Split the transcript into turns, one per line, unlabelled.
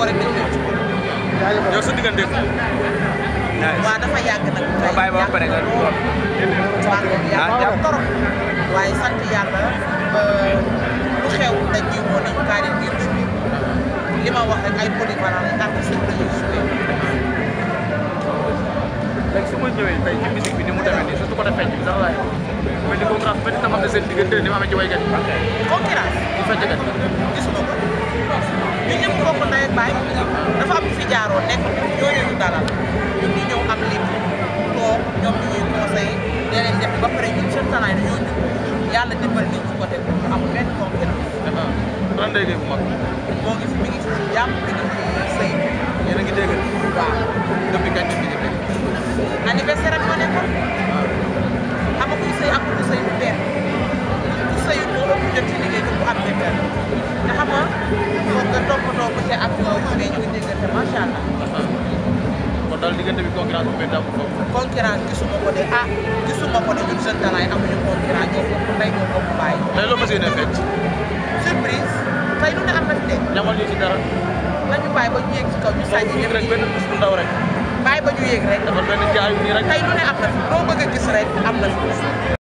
boole nañ leen ci kër. yow sa diggante ko. waaw dafa yàgg nag.
waaw bàyyi ba pare nga lool. yàgg ah, torop
waaye sant yàlla ba euh, lu xew dañ ñuy woo nag kaa leen ngeen joué li ma wax
rek ay polyvalent la ndax suñu la ñuy joué. léegi su ma ñëwee tey ci musique bi ni mu demee nii surtout côté fecc bi sax laay mais ni concurrence benn xam ne seen diggante ni ma amee ci waykat yi. concurrence bu fekkee gis nga ko.
Mbaye dafa am fi jaaroo nekk ñooñu ñu dalal ñu ngi ñëw am lim toog ñoom ñu ñuy conseillé leneen def ba pare ñun seen talaay dañoo jóg yàlla dimbal ñu ci côté boobu amul benn concurrence.
waaw lan lay dégg mag. moo
ngi fi mi ngi fi jàmm mi ngi fi sëy. yéen a ngi dégg. waaw depuis kañ bi nga dégg. anniversaire ak ma nekkoon. waaw ah. amaguñ
sëy amaguñ sëy bu benn. bu sëyul moo ëpp jot ci liggéey bu am benn te xam nga.
diggante bi concurrence bu métti amul foofu.
concurrence gisuma ko de ah gisuma ko de ñun jeune talent yi am na fi de. ñamal
ñu ci dara.
nañu bàyyi ba ñu yéeg ci kaw ñu sànni. yéeg rek benn bés bu ndaw rek. bàyyi ba ñu yéeg rek. dafa benn jaayu nii rek. tey lu ne am na fi loo bëgg a gis rek am na fi.